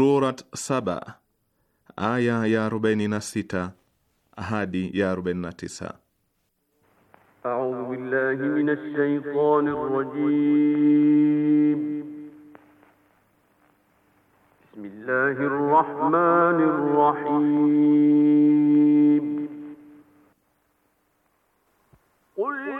Surat saba aya ya arobaini na sita hadi ya arobaini na tisa. A'udhu billahi minash shaitani Bismillahir rahmanir rahim. Qul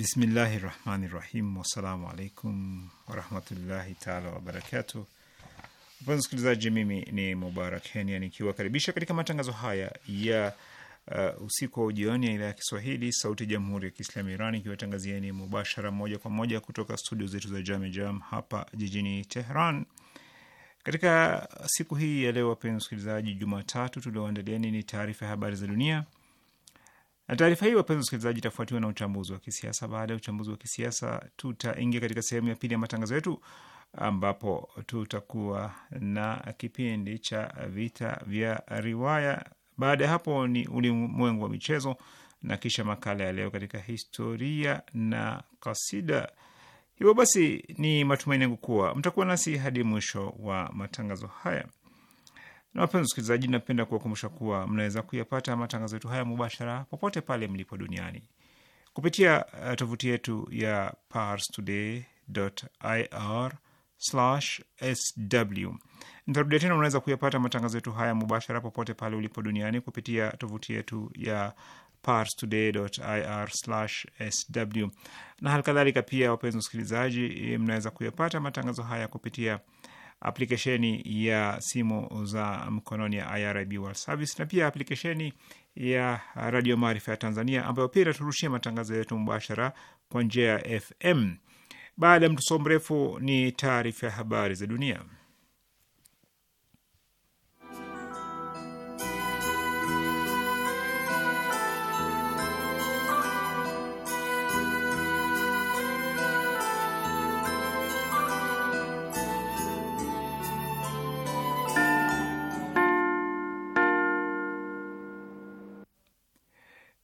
Bismillahi rahmani rahim. Wassalamu alaikum warahmatullahi taala wabarakatu mpenzi msikilizaji, mimi ni Mubarak Kenya nikiwakaribisha katika matangazo haya ya uh, usiku wa ujioni ya idhaa ya Kiswahili sauti ya jamhuri ya Kiislamu Iran ikiwatangazieni mubashara moja kwa moja kutoka studio zetu za Jame Jam hapa jijini Tehran. Katika siku hii ya leo, wapenzi msikilizaji, Jumatatu tulioandalieni ni taarifa ya habari za dunia na taarifa hii, wapenzi wasikilizaji, itafuatiwa na uchambuzi wa kisiasa. Baada ya uchambuzi wa kisiasa, tutaingia katika sehemu ya pili ya matangazo yetu ambapo tutakuwa na kipindi cha vita vya riwaya. Baada ya hapo ni ulimwengu wa michezo na kisha makala ya leo katika historia na kasida. Hivyo basi, ni matumaini yangu kuwa mtakuwa nasi hadi mwisho wa matangazo haya. Na wapenzi wasikilizaji, napenda kuwakumbusha kuwa mnaweza kuyapata matangazo yetu haya mubashara popote pale mlipo duniani kupitia uh, tovuti yetu ya parstoday.ir/sw. Nitarudia tena, unaweza kuyapata matangazo yetu haya mubashara popote pale ulipo duniani kupitia tovuti yetu ya parstoday.ir/sw, na halikadhalika pia, wapenzi wasikilizaji, mnaweza kuyapata matangazo haya kupitia aplikesheni ya simu za mkononi ya IRIB World Service na pia aplikesheni ya Radio Maarifa ya Tanzania ambayo pia inaturushia matangazo yetu mubashara kwa njia ya FM. Baada ya mtuso mrefu ni taarifa ya habari za dunia.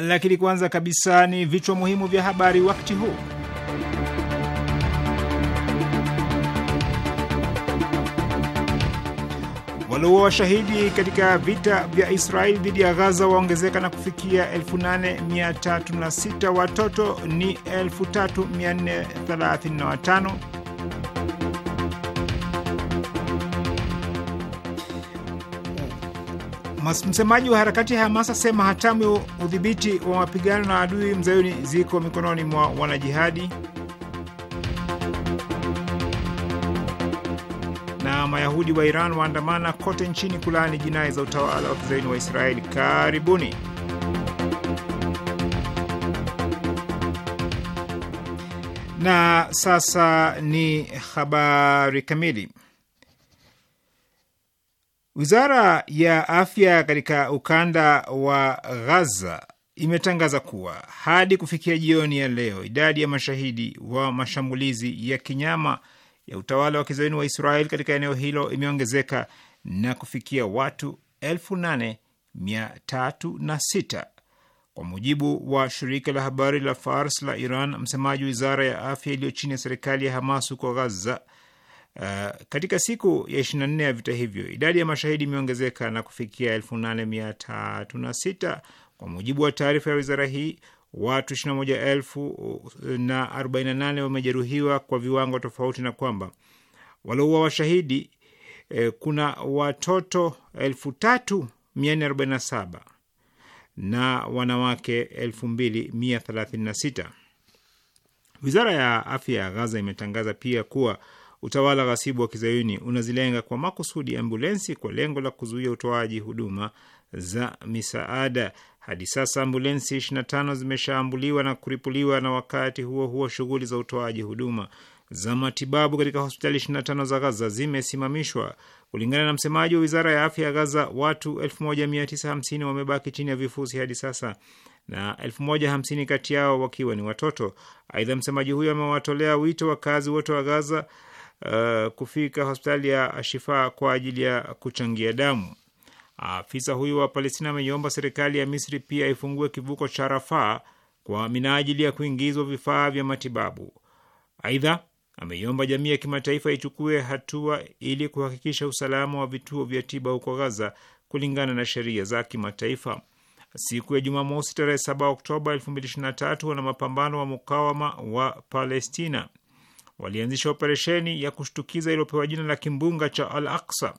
lakini kwanza kabisa ni vichwa muhimu vya habari wakati huu. Walioua washahidi katika vita vya Israeli dhidi ya Gaza waongezeka na kufikia 8306 watoto ni 3435 Msemaji wa harakati ya Hamas asema hatamu ya udhibiti wa mapigano na adui mzayuni ziko mikononi mwa wanajihadi. Na Mayahudi wa Iran waandamana kote nchini kulaani jinai za utawala wa kizayuni wa Israeli. Karibuni. Na sasa ni habari kamili. Wizara ya afya katika ukanda wa Gaza imetangaza kuwa hadi kufikia jioni ya leo idadi ya mashahidi wa mashambulizi ya kinyama ya utawala wa kizayuni wa Israel katika eneo hilo imeongezeka na kufikia watu elfu kwa mujibu wa shirika la habari la Fars la Iran. Msemaji wa wizara ya afya iliyo chini ya serikali ya Hamas huko Gaza Uh, katika siku ya 24 ya vita hivyo idadi ya mashahidi imeongezeka na kufikia elfu kwa mujibu wa taarifa ya wizara hii. Watu 21,000 na wamejeruhiwa kwa viwango tofauti, na kwamba walioua washahidi eh, kuna watoto 3447 na wanawake 2136. Wizara ya afya ya Gaza imetangaza pia kuwa utawala ghasibu wa kizayuni unazilenga kwa makusudi ambulensi kwa lengo la kuzuia utoaji huduma za misaada. Hadi sasa ambulensi 25 zimeshaambuliwa na kuripuliwa, na wakati huo huo shughuli za utoaji huduma za matibabu katika hospitali 25 za Gaza zimesimamishwa. Kulingana na msemaji wa wizara ya afya ya Gaza, watu 1950 wamebaki chini ya vifusi hadi sasa na 1050 kati yao wakiwa ni watoto. Aidha, msemaji huyo amewatolea wito wakazi wote wa Gaza uh, kufika hospitali ya Ashifa kwa ajili ya kuchangia damu. Afisa huyu wa Palestina ameiomba serikali ya Misri pia ifungue kivuko cha Rafaa kwa minajili ya kuingizwa vifaa vya matibabu. Aidha, ameiomba jamii ya kimataifa ichukue hatua ili kuhakikisha usalama wa vituo vya tiba huko Gaza kulingana na sheria za kimataifa. Siku ya Jumamosi tarehe 7 Oktoba 2023 wana mapambano wa mukawama wa Palestina walianzisha operesheni ya kushtukiza iliyopewa jina la kimbunga cha Al Aksa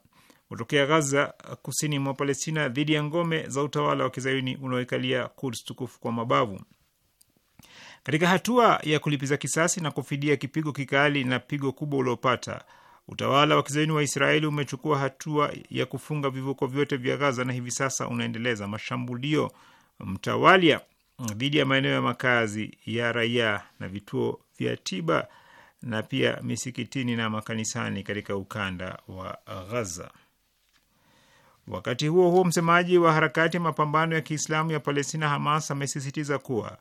kutokea Gaza, kusini mwa Palestina, dhidi ya ngome za utawala wa kizayuni unaoikalia Kuds tukufu kwa mabavu. Katika hatua ya kulipiza kisasi na kufidia kipigo kikali na pigo kubwa uliopata, utawala wa kizayuni wa Israeli umechukua hatua ya kufunga vivuko vyote vya Gaza na hivi sasa unaendeleza mashambulio mtawalia dhidi ya maeneo ya makazi ya raia na vituo vya tiba na pia misikitini na makanisani katika ukanda wa Ghaza. Wakati huo huo, msemaji wa harakati ya mapambano ya Kiislamu ya Palestina Hamas amesisitiza kuwa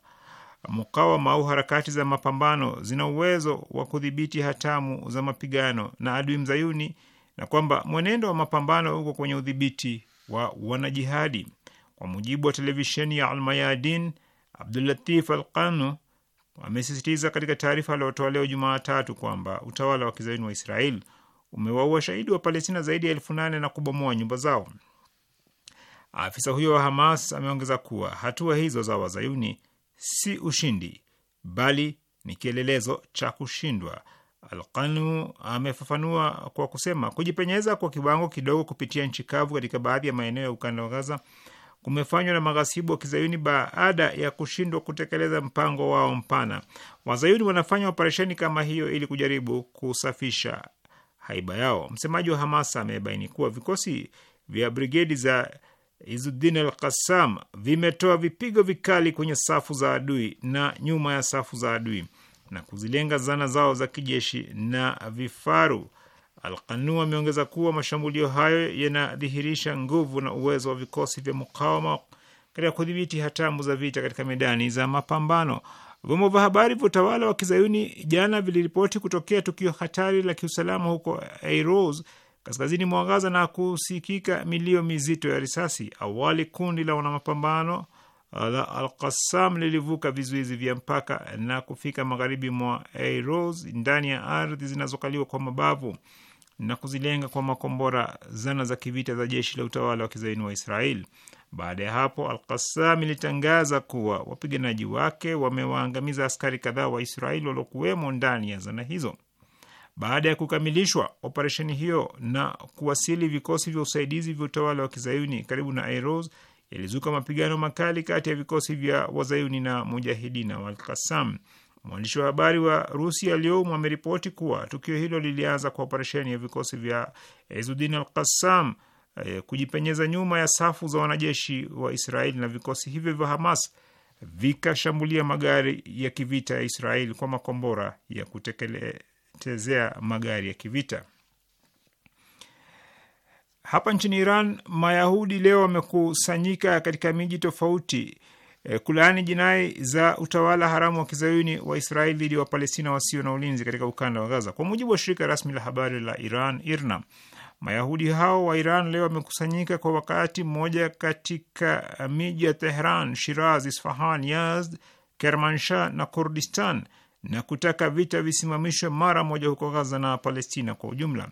mukawama au harakati za mapambano zina uwezo wa kudhibiti hatamu za mapigano na adui mzayuni na kwamba mwenendo wa mapambano uko kwenye udhibiti wa wanajihadi. Kwa mujibu wa televisheni ya Almayadin, Abdulatif Alqanu wamesisitiza katika taarifa aliotoa leo Jumatatu kwamba utawala wa kizayuni wa Israel umewaua shahidi wa Palestina zaidi ya elfu nane na kubomoa nyumba zao. Afisa huyo wa Hamas ameongeza kuwa hatua hizo za wazayuni si ushindi, bali ni kielelezo cha kushindwa. Alqanu amefafanua kwa kusema kujipenyeza kwa kiwango kidogo kupitia nchi kavu katika baadhi ya maeneo ya ukanda wa Gaza kumefanywa na maghasibu wa kizayuni baada ya kushindwa kutekeleza mpango wao mpana. Wazayuni wanafanya operesheni kama hiyo ili kujaribu kusafisha haiba yao. Msemaji wa Hamas amebaini kuwa vikosi vya brigedi za Izuddin al Qassam vimetoa vipigo vikali kwenye safu za adui na nyuma ya safu za adui na kuzilenga zana zao za kijeshi na vifaru Alqanu ameongeza kuwa mashambulio hayo yanadhihirisha nguvu na uwezo wa vikosi vya mukawama katika kudhibiti hatamu za vita katika medani za mapambano. Vyombo vya habari vya utawala wa kizayuni jana viliripoti kutokea tukio hatari la kiusalama huko Airos kaskazini mwa Gaza na kusikika milio mizito ya risasi. Awali kundi la wanamapambano la al lilivuka vizuizi vya mpaka na kufika magharibi mwa Airos ndani ya ardhi zinazokaliwa kwa mabavu na kuzilenga kwa makombora zana za kivita za jeshi la utawala wa kizaini wa Israel. Baada ya hapo, Al-Qassam ilitangaza kuwa wapiganaji wake wamewaangamiza askari kadhaa wa Israel waliokuwemo ndani ya zana hizo. Baada ya kukamilishwa operesheni hiyo na kuwasili vikosi vya usaidizi vya utawala wa kizayuni karibu na Airos, yalizuka mapigano makali kati ya vikosi vya wazayuni na mujahidina wa Al-Qassam. Mwandishi wa habari wa Rusi Aliyoum ameripoti kuwa tukio hilo lilianza kwa operesheni ya vikosi vya Izuddin al Qassam eh, kujipenyeza nyuma ya safu za wanajeshi wa Israeli na vikosi hivyo vya Hamas vikashambulia magari ya kivita ya Israeli kwa makombora ya kutekelezea magari ya kivita. Hapa nchini Iran, Mayahudi leo wamekusanyika katika miji tofauti Eh, kulaani jinai za utawala haramu wa kizayuni wa Israeli dhidi ya Wapalestina wasio na ulinzi katika ukanda wa Gaza. Kwa mujibu wa shirika rasmi la habari la Iran, IRNA, Mayahudi hao wa Iran leo wamekusanyika kwa wakati mmoja katika eh, miji ya Tehran, Shiraz, Isfahan, Yazd, Kermanshah na Kurdistan na kutaka vita visimamishwe mara moja huko Gaza na Palestina kwa ujumla.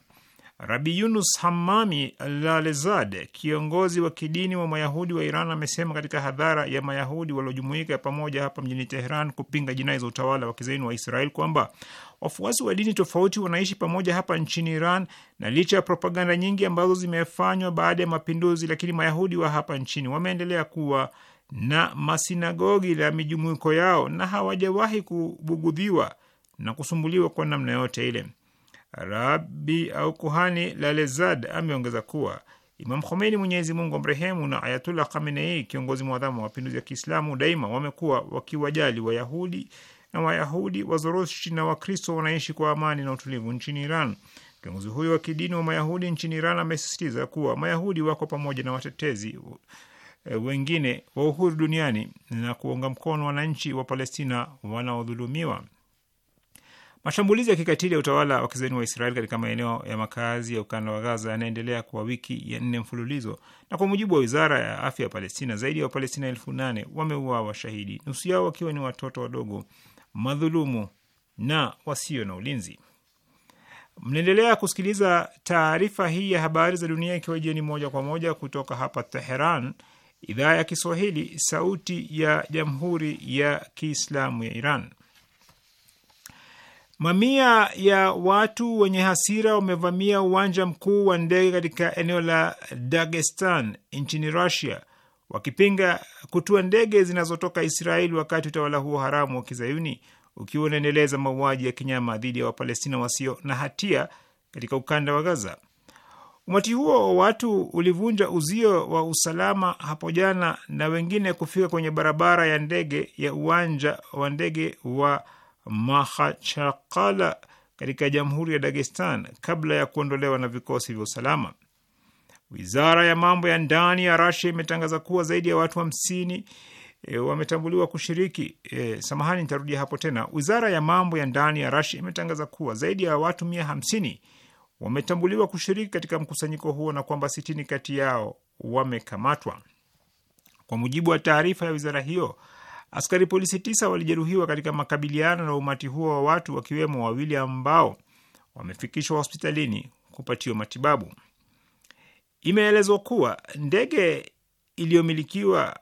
Rabi Yunus Hamami Lalezade, kiongozi wa kidini wa Mayahudi wa Iran, amesema katika hadhara ya Mayahudi waliojumuika pamoja hapa mjini Teheran kupinga jinai za utawala wa kizaini wa Israel kwamba wafuasi wa dini tofauti wanaishi pamoja hapa nchini Iran, na licha ya propaganda nyingi ambazo zimefanywa baada ya mapinduzi, lakini Mayahudi wa hapa nchini wameendelea kuwa na masinagogi la mijumuiko yao na hawajawahi kubugudhiwa na kusumbuliwa kwa namna yote ile rabi au kuhani Lalezad ameongeza kuwa Imam Khomeini, Mwenyezi Mungu amrehemu, na Ayatullah Khamenei, kiongozi mwadhamu wa mapinduzi ya Kiislamu, daima wamekuwa wakiwajali Wayahudi na Wayahudi Wazoroshi na Wakristo wanaishi kwa amani na utulivu nchini Iran. Kiongozi huyo wa kidini wa Mayahudi nchini Iran amesisitiza kuwa Mayahudi wako pamoja na watetezi e, wengine wa uhuru duniani na kuunga mkono wananchi wa Palestina wanaodhulumiwa. Mashambulizi ya kikatili ya utawala wa kizeni wa Israel katika maeneo ya makazi ya ukanda wa Gaza yanaendelea kwa wiki ya nne mfululizo, na kwa mujibu wa wizara ya afya ya Palestina, zaidi ya wa Wapalestina elfu nane wameuawa washahidi nusu yao wakiwa ni watoto wadogo, madhulumu na wasio na ulinzi. Mnaendelea kusikiliza taarifa hii ya habari za dunia ikiwa jieni moja kwa moja kutoka hapa Teheran, idhaa ya Kiswahili, sauti ya jamhuri ya kiislamu ya Iran. Mamia ya watu wenye hasira wamevamia uwanja mkuu wa ndege katika eneo la Dagestan nchini Russia wakipinga kutua ndege zinazotoka Israeli, wakati utawala huo haramu wa kizayuni ukiwa unaendeleza mauaji ya kinyama dhidi ya Wapalestina wasio na hatia katika ukanda wa Gaza. Umati huo wa watu ulivunja uzio wa usalama hapo jana na wengine kufika kwenye barabara ya ndege ya uwanja wa ndege wa Mahachakala katika jamhuri ya Dagestan kabla ya kuondolewa na vikosi vya usalama. Wizara ya mambo ya ndani ya Rasia imetangaza kuwa zaidi ya watu hamsini wa e, wametambuliwa kushiriki e, samahani, nitarudia hapo tena. Wizara ya mambo ya ndani ya Rasia imetangaza kuwa zaidi ya watu mia hamsini wametambuliwa kushiriki katika mkusanyiko huo na kwamba sitini kati yao wamekamatwa. Kwa mujibu wa taarifa ya wizara hiyo, Askari polisi tisa walijeruhiwa katika makabiliano na umati huo wa watu, wakiwemo wawili ambao wamefikishwa hospitalini kupatiwa matibabu. Imeelezwa kuwa ndege iliyomilikiwa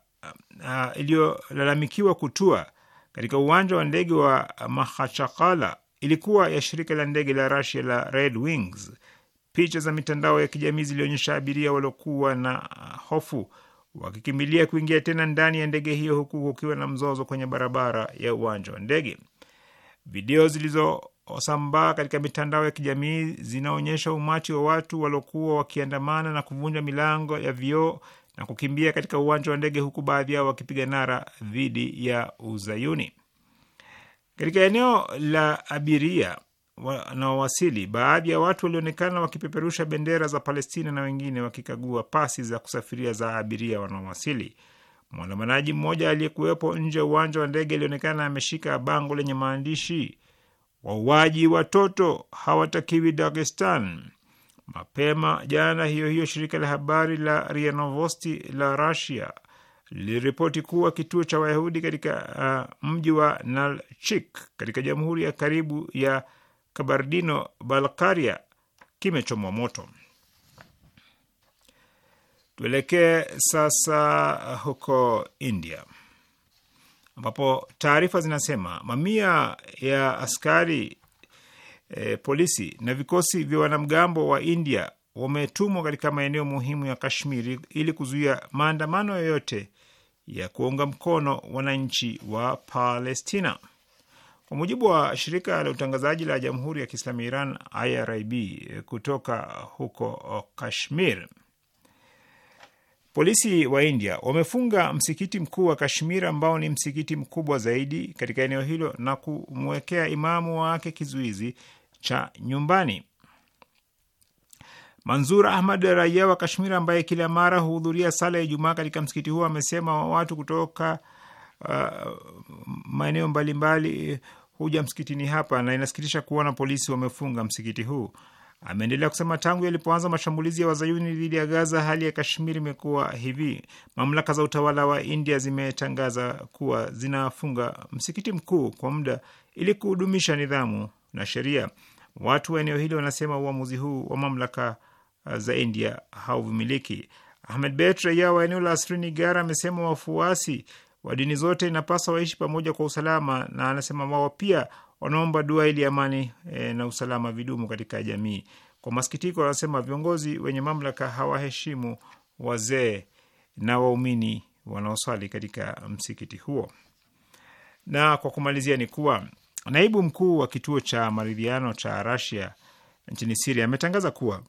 uh, iliyolalamikiwa kutua katika uwanja wa ndege wa Mahachakala ilikuwa ya shirika la ndege la rasia la Red Wings. Picha za mitandao ya kijamii zilionyesha abiria waliokuwa na hofu wakikimbilia kuingia tena ndani ya ndege hiyo huku kukiwa na mzozo kwenye barabara ya uwanja wa ndege. Video zilizosambaa katika mitandao ya kijamii zinaonyesha umati wa watu waliokuwa wakiandamana na kuvunja milango ya vioo na kukimbia katika uwanja wa ndege huku baadhi yao wakipiga nara dhidi ya Uzayuni. Katika eneo la abiria wanaowasili, baadhi ya watu walionekana wakipeperusha bendera za Palestina na wengine wakikagua pasi za kusafiria za abiria wanaowasili. Mwandamanaji mmoja aliyekuwepo nje ya uwanja wa ndege alionekana ameshika bango lenye maandishi wauaji watoto hawatakiwi Dagestan. Mapema jana hiyo hiyo, shirika la habari la Ria Novosti la rasia liliripoti kuwa kituo cha Wayahudi katika uh, mji wa Nalchik katika jamhuri ya karibu ya Kabardino Balkaria kimechomwa moto. Tuelekee sasa huko India ambapo taarifa zinasema mamia ya askari e, polisi na vikosi vya wanamgambo wa India wametumwa katika maeneo muhimu ya Kashmiri ili kuzuia maandamano yoyote ya kuunga mkono wananchi wa Palestina. Kwa mujibu wa shirika la utangazaji la Jamhuri ya Kiislamu ya Iran IRIB kutoka huko Kashmir, polisi wa India wamefunga msikiti mkuu wa Kashmir ambao ni msikiti mkubwa zaidi katika eneo hilo na kumwekea imamu wake kizuizi cha nyumbani. Manzur Ahmad, raia wa Kashmir ambaye kila mara huhudhuria sala ya Ijumaa katika msikiti huo, amesema watu kutoka uh, maeneo mbalimbali huja msikitini hapa na inasikitisha kuona polisi wamefunga msikiti huu. Ameendelea kusema tangu yalipoanza mashambulizi ya wazayuni dhidi ya Gaza, hali ya Kashmiri imekuwa hivi. Mamlaka za utawala wa India zimetangaza kuwa zinafunga msikiti mkuu kwa muda ili kuhudumisha nidhamu na sheria. Watu wa eneo hili wanasema uamuzi huu wa mamlaka uh, za India hauvumiliki. Ahmed Bet, raia wa eneo la Srinagar, amesema wafuasi wa dini zote inapaswa waishi pamoja kwa usalama, na anasema wao pia wanaomba dua ili amani e, na usalama vidumu katika jamii. Kwa masikitiko, wanasema viongozi wenye mamlaka hawaheshimu wazee na waumini wanaoswali katika msikiti huo. Na kwa kumalizia ni kuwa naibu mkuu wa kituo cha maridhiano cha Rasia nchini Siria ametangaza kuwa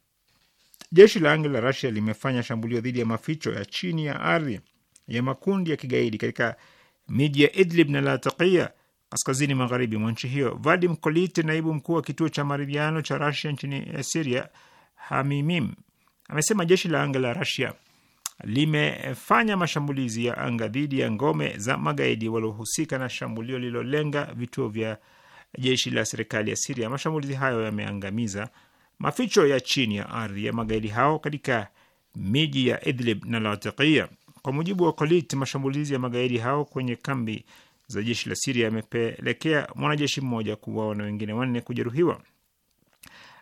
jeshi la anga la Rasia limefanya shambulio dhidi ya maficho ya chini ya ardhi ya makundi ya kigaidi katika miji ya Idlib na Latakia kaskazini magharibi mwa nchi hiyo. Vadim Kolit, naibu mkuu wa kituo cha maridhiano cha Rasia nchini eh, Siria, Hamimim, amesema jeshi la anga la Rasia limefanya mashambulizi ya anga dhidi ya ngome za magaidi waliohusika na shambulio lililolenga vituo vya jeshi la serikali ya Siria. Mashambulizi hayo yameangamiza maficho ya chini ya ardhi ya magaidi hao katika miji ya Idlib na Latakia. Kwa mujibu wa Kolit, mashambulizi ya magaidi hao kwenye kambi za jeshi la Siria yamepelekea mwanajeshi mmoja kuuawa na wengine wanne kujeruhiwa.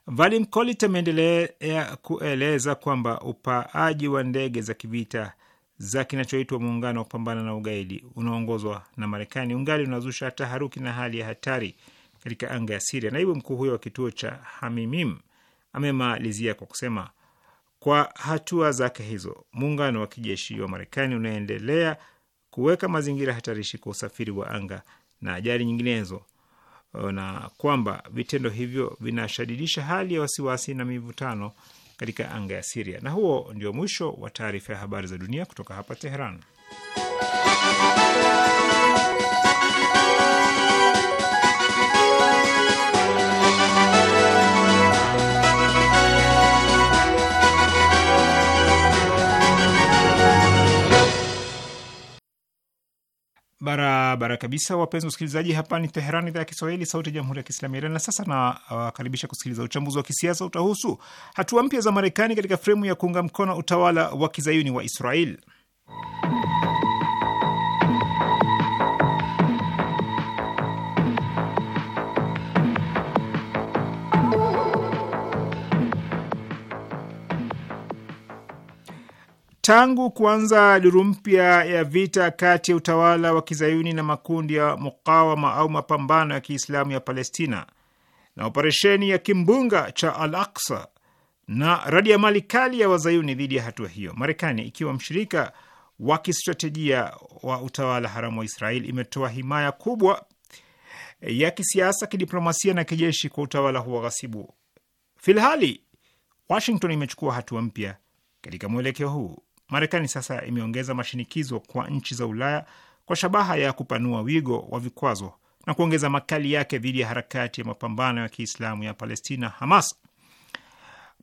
Valim Kolit ameendelea kueleza kwamba upaaji wa ndege za kivita za kinachoitwa muungano wa kupambana na ugaidi unaongozwa na Marekani ungali unazusha taharuki na hali ya hatari katika anga ya Siria. Naibu mkuu huyo wa kituo cha Hamimim amemalizia kwa kusema kwa hatua zake hizo, muungano wa kijeshi wa Marekani unaendelea kuweka mazingira hatarishi kwa usafiri wa anga na ajali nyinginezo, eh, na kwamba vitendo hivyo vinashadidisha hali ya wasiwasi na mivutano katika anga ya Siria. Na huo ndio mwisho wa taarifa ya habari za dunia kutoka hapa Teheran. Barabara kabisa, wapenzi wasikilizaji, hapa ni Teherani, idhaa ya Kiswahili, sauti ya jamhuri ya kiislamu ya Iran. Na sasa nawakaribisha kusikiliza uchambuzi wa kisiasa. Utahusu hatua mpya za Marekani katika fremu ya kuunga mkono utawala wa kizayuni wa Israel. Tangu kuanza duru mpya ya vita kati ya utawala wa kizayuni na makundi ya mukawama au mapambano ya Kiislamu ya Palestina na operesheni ya kimbunga cha Al Aksa na radiamali kali ya wazayuni dhidi ya hatua hiyo, Marekani ikiwa mshirika wa kistratejia wa utawala haramu wa Israeli imetoa himaya kubwa ya kisiasa, kidiplomasia na kijeshi kwa utawala huo ghasibu. Filhali Washington imechukua hatua mpya katika mwelekeo huu. Marekani sasa imeongeza mashinikizo kwa nchi za Ulaya kwa shabaha ya kupanua wigo wa vikwazo na kuongeza makali yake dhidi ya harakati ya mapambano ya Kiislamu ya Palestina, Hamas.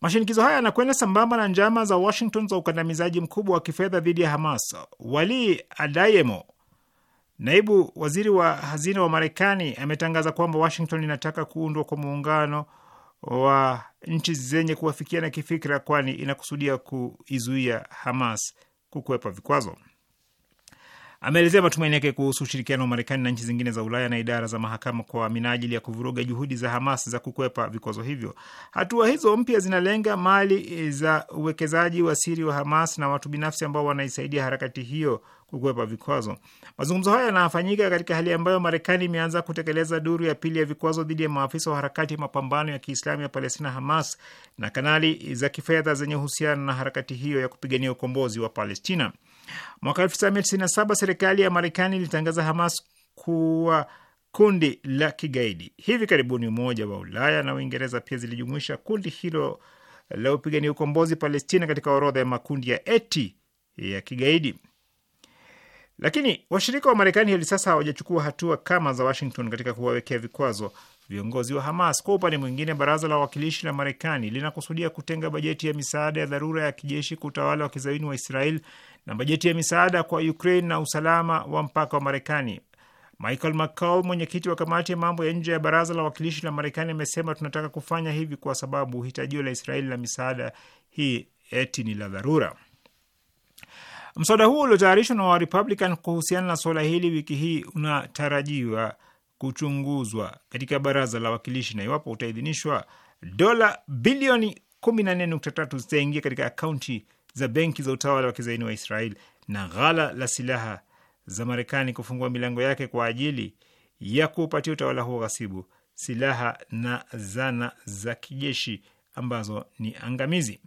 Mashinikizo haya yanakwenda sambamba na njama za Washington za ukandamizaji mkubwa wa kifedha dhidi ya Hamas. Wali Adayemo, naibu waziri wa hazina wa Marekani, ametangaza kwamba Washington inataka kuundwa kwa muungano wa nchi zenye kuwafikiana kifikra, kwani inakusudia kuizuia Hamas kukwepa vikwazo. Ameelezea matumaini yake kuhusu ushirikiano wa Marekani na nchi zingine za Ulaya na idara za mahakama kwa minajili ya kuvuruga juhudi za Hamas za kukwepa vikwazo hivyo. Hatua hizo mpya zinalenga mali e, za uwekezaji wa siri wa Hamas na watu binafsi ambao wanaisaidia harakati hiyo kukwepa vikwazo. Mazungumzo hayo yanafanyika katika hali ambayo Marekani imeanza kutekeleza duru ya pili ya vikwazo dhidi ya maafisa wa harakati mapambano ya Kiislamu ya Palestina, Hamas, na kanali za kifedha zenye uhusiano na harakati hiyo ya kupigania ukombozi wa Palestina. Mwaka 1997 serikali ya Marekani ilitangaza Hamas kuwa kundi la kigaidi. Hivi karibuni Umoja wa Ulaya na Uingereza pia zilijumuisha kundi hilo la upigania ukombozi Palestina katika orodha ya makundi ya eti ya kigaidi. Lakini washirika wa Marekani hadi sasa hawajachukua hatua kama za Washington katika kuwawekea vikwazo viongozi wa Hamas. Kwa upande mwingine, baraza la wawakilishi la Marekani linakusudia kutenga bajeti ya misaada ya dharura ya kijeshi kwa utawala wa kizayuni wa Israel na bajeti ya misaada kwa Ukraine na usalama wa mpaka wa Marekani. Michael McCaul, mwenyekiti wa kamati ya mambo ya nje ya baraza la wawakilishi la Marekani, amesema tunataka kufanya hivi kwa sababu hitajio la Israeli la misaada hii eti ni la dharura. Mswada huo uliotayarishwa na Warepublican kuhusiana na suala hili wiki hii unatarajiwa kuchunguzwa katika baraza la wakilishi, na iwapo utaidhinishwa, dola bilioni 14.3 zitaingia katika akaunti za benki za utawala wa kizaini wa Israel na ghala la silaha za Marekani kufungua milango yake kwa ajili ya kuupatia utawala huo ghasibu silaha na zana za kijeshi ambazo ni angamizi.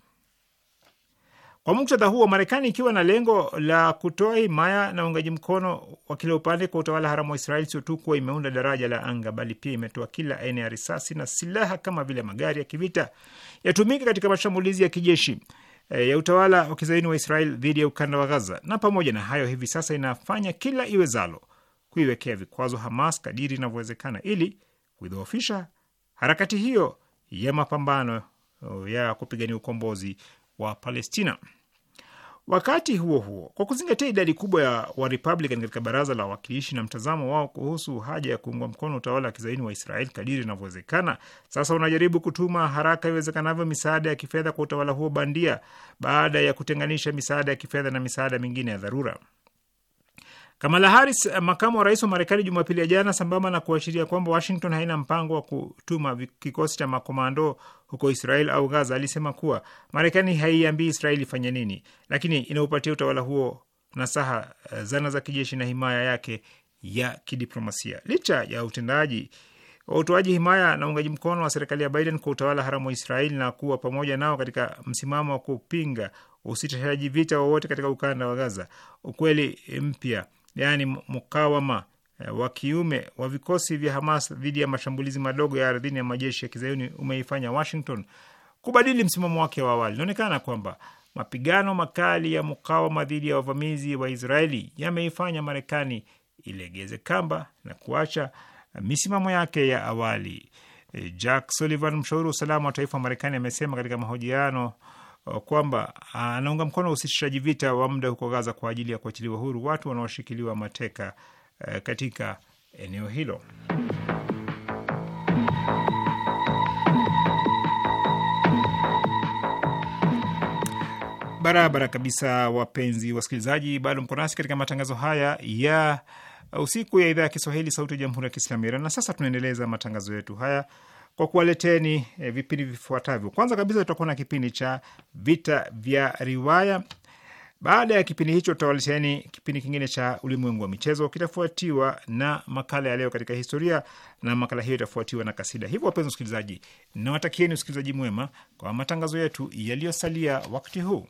Kwa muktadha huo, Marekani ikiwa na lengo la kutoa himaya na uungaji mkono wa kila upande kwa utawala haramu wa Israeli, sio tu kuwa imeunda daraja la anga, bali pia imetoa kila aina ya risasi na silaha kama vile magari ya kivita yatumike katika mashambulizi ya kijeshi eh, ya utawala wa kizaini wa Israel dhidi ya ukanda wa Gaza. Na pamoja na hayo, hivi sasa inafanya kila iwezalo kuiwekea vikwazo Hamas kadiri inavyowezekana ili kuidhoofisha harakati hiyo ya mapambano oh, ya kupigania ukombozi wa Palestina. Wakati huo huo, kwa kuzingatia idadi kubwa ya Warepublican katika baraza la wawakilishi na mtazamo wao kuhusu haja ya kuungwa mkono utawala wa kizaini wa Israel kadiri inavyowezekana, sasa unajaribu kutuma haraka iwezekanavyo misaada ya kifedha kwa utawala huo bandia baada ya kutenganisha misaada ya kifedha na misaada mingine ya dharura. Kamala Harris, eh, makamu wa rais wa Marekani, Jumapili ya jana, sambamba na kuashiria kwamba Washington haina mpango wa kutuma kikosi cha makomando huko Israel au Gaza, alisema kuwa Marekani haiambii Israel ifanye nini, lakini inaupatia utawala huo nasaha, eh, zana za kijeshi na himaya yake ya kidiplomasia. Licha ya utendaji wa utoaji himaya na uungaji mkono wa serikali ya Biden kwa utawala haramu wa Israel na kuwa pamoja nao katika msimamo wa kupinga usitishaji vita wowote katika ukanda wa Gaza, ukweli mpya yaani mukawama eh, wa kiume wa vikosi vya Hamas dhidi ya mashambulizi madogo ya ardhini ya majeshi ya kizayuni umeifanya Washington kubadili msimamo wake wa awali. Inaonekana kwamba mapigano makali ya mukawama dhidi ya wavamizi wa Israeli yameifanya Marekani ilegeze kamba na kuacha eh, misimamo yake ya awali. Eh, Jack Sullivan, mshauri wa usalama wa taifa wa Marekani, amesema katika mahojiano Uh, kwamba uh, anaunga mkono usitishaji vita wa muda huko Gaza kwa ajili ya kuachiliwa huru watu wanaoshikiliwa mateka uh, katika eneo hilo. Barabara kabisa, wapenzi wasikilizaji, bado mko nasi katika matangazo haya ya usiku ya idhaa ya Kiswahili, Sauti ya Jamhuri ya Kiislamu ya Iran. Na sasa tunaendeleza matangazo yetu haya kwa kuwaleteni e, vipindi vifuatavyo. Kwanza kabisa tutakuwa na kipindi cha vita vya riwaya. Baada ya kipindi hicho, tutawaleteni kipindi kingine cha ulimwengu wa michezo, kitafuatiwa na makala ya leo katika historia, na makala hiyo itafuatiwa na kasida. Hivyo wapenzi usikilizaji nawatakieni usikilizaji mwema kwa matangazo yetu yaliyosalia wakati huu.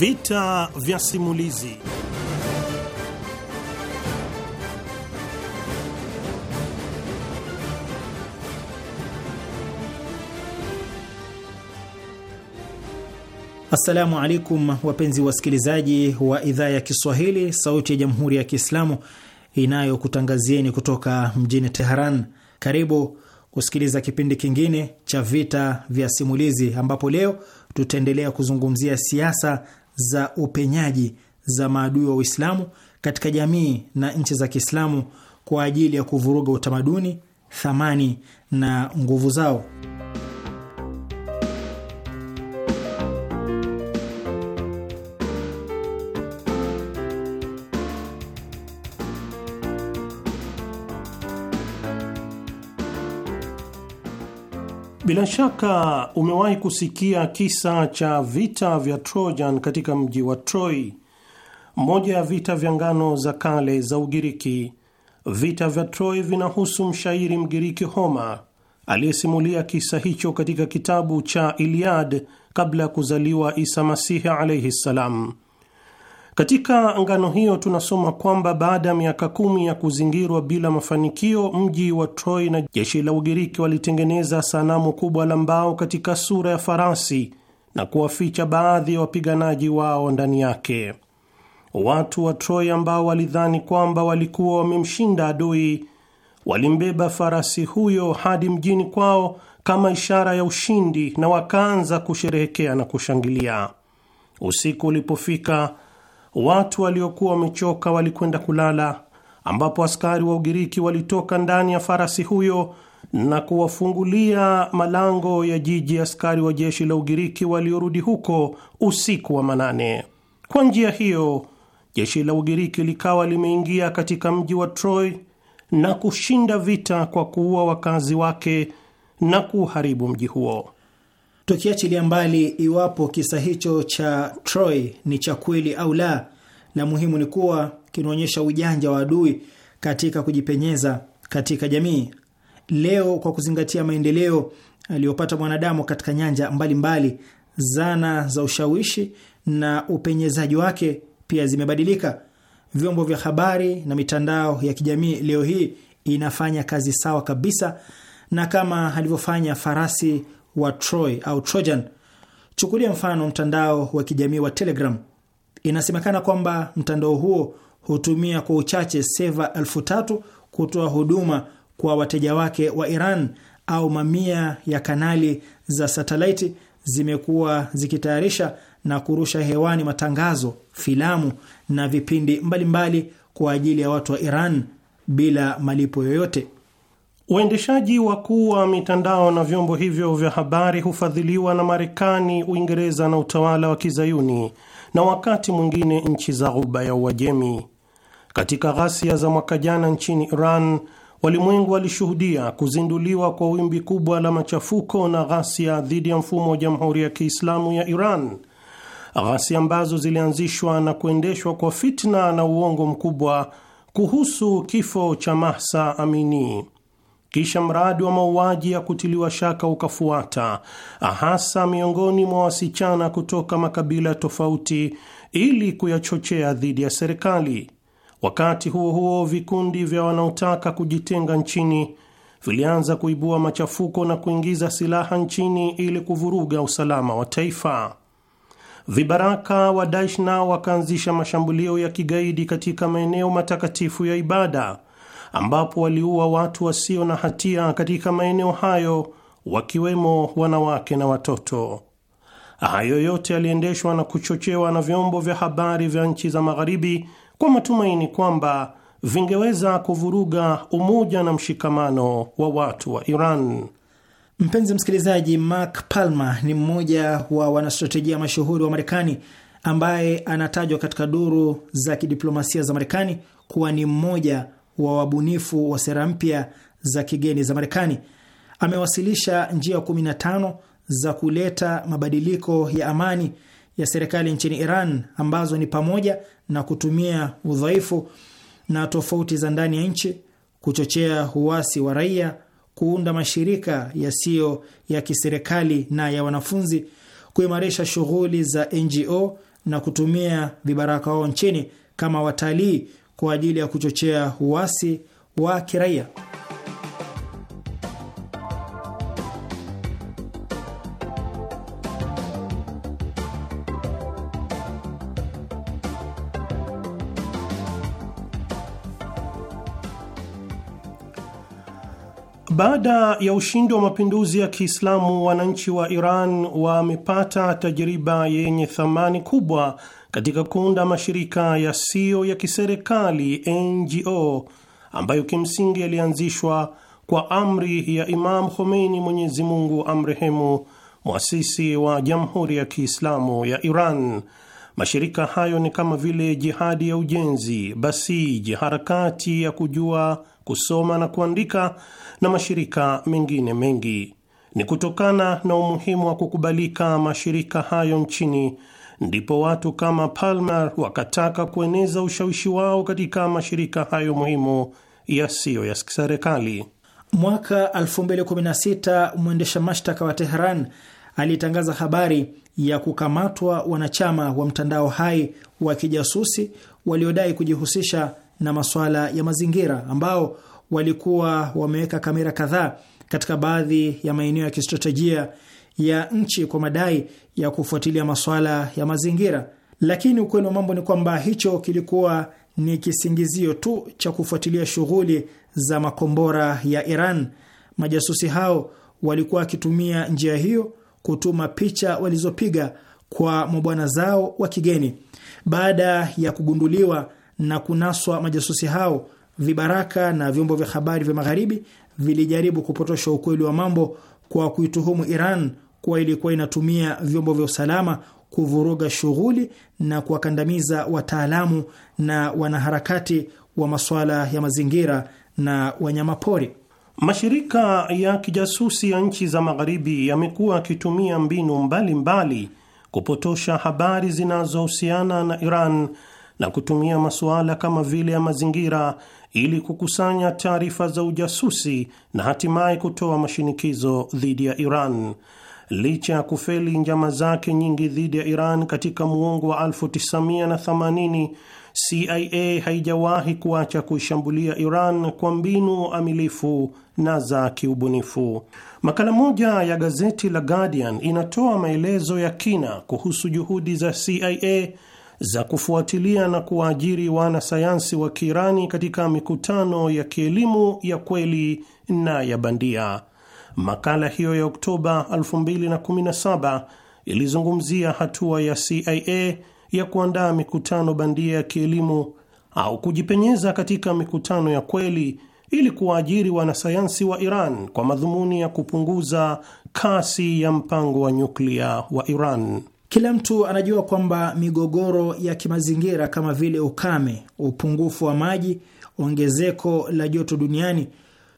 Vita vya simulizi. Assalamu alaikum, wapenzi wasikilizaji wa idhaa ya Kiswahili, sauti ya jamhuri ya Kiislamu inayokutangazieni kutoka mjini Teheran. Karibu kusikiliza kipindi kingine cha Vita vya Simulizi, ambapo leo tutaendelea kuzungumzia siasa za upenyaji za maadui wa Uislamu katika jamii na nchi za Kiislamu kwa ajili ya kuvuruga utamaduni, thamani na nguvu zao. Bila shaka umewahi kusikia kisa cha vita vya Trojan katika mji wa Troy, moja ya vita vya ngano za kale za Ugiriki. Vita vya Troy vinahusu mshairi Mgiriki Homer aliyesimulia kisa hicho katika kitabu cha Iliad kabla ya kuzaliwa Isa Masihi alaihi ssalam. Katika ngano hiyo tunasoma kwamba baada ya miaka kumi ya kuzingirwa bila mafanikio mji wa Troy na jeshi la Ugiriki walitengeneza sanamu kubwa la mbao katika sura ya farasi na kuwaficha baadhi ya wapiganaji wao ndani yake. Watu wa Troy ambao walidhani kwamba walikuwa wamemshinda adui walimbeba farasi huyo hadi mjini kwao kama ishara ya ushindi, na wakaanza kusherehekea na kushangilia. Usiku ulipofika watu waliokuwa wamechoka walikwenda kulala, ambapo askari wa Ugiriki walitoka ndani ya farasi huyo na kuwafungulia malango ya jiji askari wa jeshi la Ugiriki waliorudi huko usiku wa manane. Kwa njia hiyo jeshi la Ugiriki likawa limeingia katika mji wa Troy na kushinda vita kwa kuua wakazi wake na kuuharibu mji huo tukiachilia mbali iwapo kisa hicho cha Troy ni cha kweli au la, la muhimu ni kuwa kinaonyesha ujanja wa adui katika kujipenyeza katika jamii. Leo, kwa kuzingatia maendeleo aliyopata mwanadamu katika nyanja mbalimbali mbali, zana za ushawishi na upenyezaji wake pia zimebadilika. Vyombo vya habari na mitandao ya kijamii leo hii inafanya kazi sawa kabisa na kama alivyofanya farasi wa Troy au Trojan. Chukulia mfano mtandao wa kijamii wa Telegram. Inasemekana kwamba mtandao huo hutumia kwa uchache seva elfu tatu kutoa huduma kwa wateja wake wa Iran, au mamia ya kanali za satelaiti zimekuwa zikitayarisha na kurusha hewani matangazo, filamu na vipindi mbalimbali mbali kwa ajili ya watu wa Iran bila malipo yoyote. Waendeshaji wakuu wa mitandao na vyombo hivyo vya habari hufadhiliwa na Marekani, Uingereza na utawala wa Kizayuni na wakati mwingine nchi za Ghuba ya Uajemi. Katika ghasia za mwaka jana nchini Iran, walimwengu walishuhudia kuzinduliwa kwa wimbi kubwa la machafuko na ghasia dhidi ya mfumo wa Jamhuri ya Kiislamu ya Iran, ghasia ambazo zilianzishwa na kuendeshwa kwa fitna na uongo mkubwa kuhusu kifo cha Mahsa Amini, kisha mradi wa mauaji ya kutiliwa shaka ukafuata, hasa miongoni mwa wasichana kutoka makabila tofauti, ili kuyachochea dhidi ya serikali. Wakati huo huo, vikundi vya wanaotaka kujitenga nchini vilianza kuibua machafuko na kuingiza silaha nchini ili kuvuruga usalama wa taifa. Vibaraka wa Daesh nao wakaanzisha mashambulio ya kigaidi katika maeneo matakatifu ya ibada ambapo waliua watu wasio na hatia katika maeneo hayo wakiwemo wanawake na watoto. Hayo yote yaliendeshwa na kuchochewa na vyombo vya habari vya nchi za Magharibi kwa matumaini kwamba vingeweza kuvuruga umoja na mshikamano wa watu wa Iran. Mpenzi msikilizaji, Mark Palmer ni mmoja wa wanastratejia mashuhuri wa Marekani ambaye anatajwa katika duru za kidiplomasia za Marekani kuwa ni mmoja wa wabunifu wa sera mpya za kigeni za Marekani. Amewasilisha njia 15 za kuleta mabadiliko ya amani ya serikali nchini Iran ambazo ni pamoja na kutumia udhaifu na tofauti za ndani ya nchi, kuchochea uasi wa raia, kuunda mashirika yasiyo ya kiserikali na ya wanafunzi, kuimarisha shughuli za NGO na kutumia vibaraka wao nchini kama watalii kwa ajili ya kuchochea uasi wa kiraia. Baada ya ushindi wa mapinduzi ya Kiislamu, wananchi wa Iran wamepata tajriba yenye thamani kubwa katika kuunda mashirika yasiyo ya kiserikali NGO ambayo kimsingi yalianzishwa kwa amri ya Imam Khomeini, Mwenyezi Mungu amrehemu, mwasisi wa Jamhuri ya Kiislamu ya Iran. Mashirika hayo ni kama vile Jihadi ya Ujenzi, Basiji, Harakati ya Kujua Kusoma na Kuandika na mashirika mengine mengi. Ni kutokana na umuhimu wa kukubalika mashirika hayo nchini ndipo watu kama Palmer wakataka kueneza ushawishi wao katika mashirika hayo muhimu yasiyo ya, serikali. Mwaka 2016 mwendesha mashtaka wa teheran alitangaza habari ya kukamatwa wanachama wa mtandao hai wa kijasusi waliodai kujihusisha na masuala ya mazingira ambao walikuwa wameweka kamera kadhaa katika baadhi ya maeneo ya kistratejia ya nchi kwa madai ya kufuatilia masuala ya mazingira, lakini ukweli wa mambo ni kwamba hicho kilikuwa ni kisingizio tu cha kufuatilia shughuli za makombora ya Iran. Majasusi hao walikuwa wakitumia njia hiyo kutuma picha walizopiga kwa mabwana zao wa kigeni. Baada ya kugunduliwa na kunaswa majasusi hao, vibaraka na vyombo vya habari vya Magharibi vilijaribu kupotosha ukweli wa mambo kwa kuituhumu Iran kuwa ilikuwa inatumia vyombo vya usalama kuvuruga shughuli na kuwakandamiza wataalamu na wanaharakati wa masuala ya mazingira na wanyamapori. Mashirika ya kijasusi ya nchi za Magharibi yamekuwa yakitumia mbinu mbalimbali mbali kupotosha habari zinazohusiana na Iran na kutumia masuala kama vile ya mazingira ili kukusanya taarifa za ujasusi na hatimaye kutoa mashinikizo dhidi ya Iran licha ya kufeli njama zake nyingi dhidi ya Iran katika muongo wa 1980, CIA haijawahi kuacha kuishambulia Iran kwa mbinu amilifu na za kiubunifu. Makala moja ya gazeti la Guardian inatoa maelezo ya kina kuhusu juhudi za CIA za kufuatilia na kuwaajiri wanasayansi wa Kiirani katika mikutano ya kielimu ya kweli na ya bandia. Makala hiyo ya Oktoba 2017 ilizungumzia hatua ya CIA ya kuandaa mikutano bandia ya kielimu au kujipenyeza katika mikutano ya kweli ili kuwaajiri wanasayansi wa Iran kwa madhumuni ya kupunguza kasi ya mpango wa nyuklia wa Iran. Kila mtu anajua kwamba migogoro ya kimazingira kama vile ukame, upungufu wa maji, ongezeko la joto duniani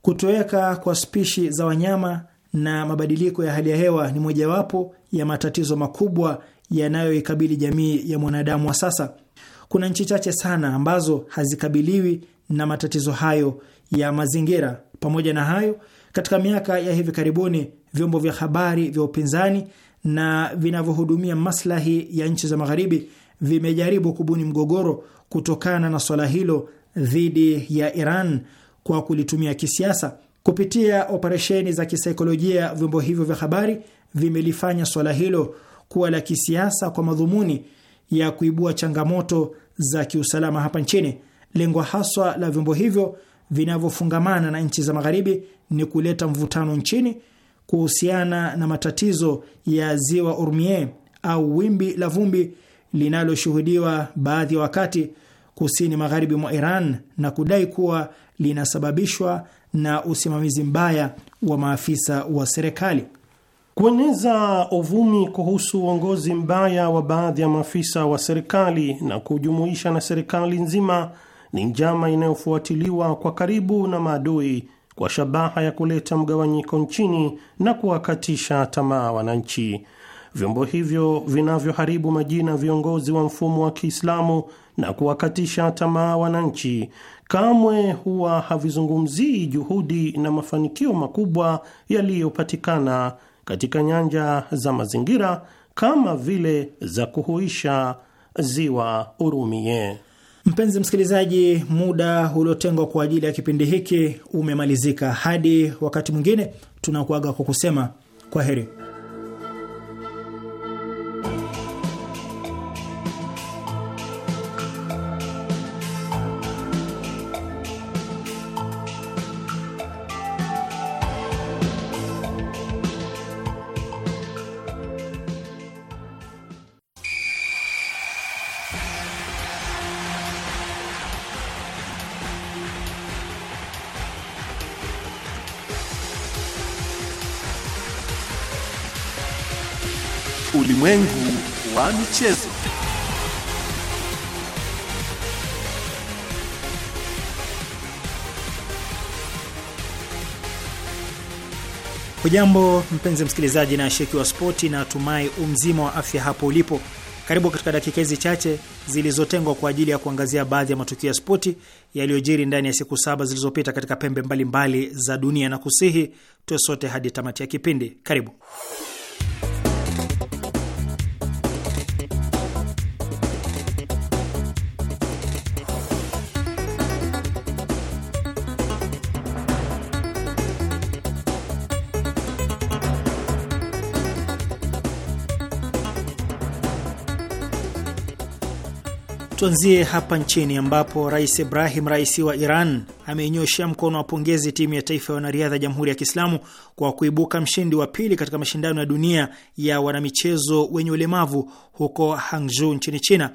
Kutoweka kwa spishi za wanyama na mabadiliko ya hali ya hewa ni mojawapo ya matatizo makubwa yanayoikabili jamii ya mwanadamu wa sasa. Kuna nchi chache sana ambazo hazikabiliwi na matatizo hayo ya mazingira. Pamoja na hayo, katika miaka ya hivi karibuni, vyombo vya habari vya upinzani na vinavyohudumia maslahi ya nchi za Magharibi vimejaribu kubuni mgogoro kutokana na swala hilo dhidi ya Iran kwa kulitumia kisiasa. Kupitia operesheni za kisaikolojia, vyombo hivyo vya habari vimelifanya swala hilo kuwa la kisiasa kwa madhumuni ya kuibua changamoto za kiusalama hapa nchini. Lengo haswa la vyombo hivyo vinavyofungamana na nchi za magharibi ni kuleta mvutano nchini kuhusiana na matatizo ya ziwa Urmie au wimbi la vumbi linaloshuhudiwa baadhi ya wakati kusini magharibi mwa Iran na kudai kuwa linasababishwa na usimamizi mbaya wa maafisa wa serikali. Kueneza uvumi kuhusu uongozi mbaya wa baadhi ya maafisa wa serikali na kujumuisha na serikali nzima ni njama inayofuatiliwa kwa karibu na maadui kwa shabaha ya kuleta mgawanyiko nchini na kuwakatisha tamaa wananchi. Vyombo hivyo vinavyoharibu majina viongozi wa mfumo wa Kiislamu na kuwakatisha tamaa wananchi kamwe huwa havizungumzii juhudi na mafanikio makubwa yaliyopatikana katika nyanja za mazingira kama vile za kuhuisha ziwa Urumiye. Mpenzi msikilizaji, muda uliotengwa kwa ajili ya kipindi hiki umemalizika. Hadi wakati mwingine, tunakuaga kwa kusema kwa heri. michezo. Hujambo mpenzi msikilizaji na sheki wa spoti, na tumai umzima wa afya hapo ulipo. Karibu katika dakika hizi chache zilizotengwa kwa ajili ya kuangazia baadhi ya matukio ya spoti yaliyojiri ndani ya siku saba zilizopita katika pembe mbalimbali mbali za dunia, na kusihi tuwe sote hadi tamati ya kipindi. Karibu. Tuanzie hapa nchini ambapo Rais Ibrahim Raisi wa Iran ameinyoshea mkono wa pongezi timu ya taifa ya wanariadha ya Jamhuri ya Kiislamu kwa kuibuka mshindi wa pili katika mashindano ya dunia ya wanamichezo wenye ulemavu huko Hangzhou nchini China.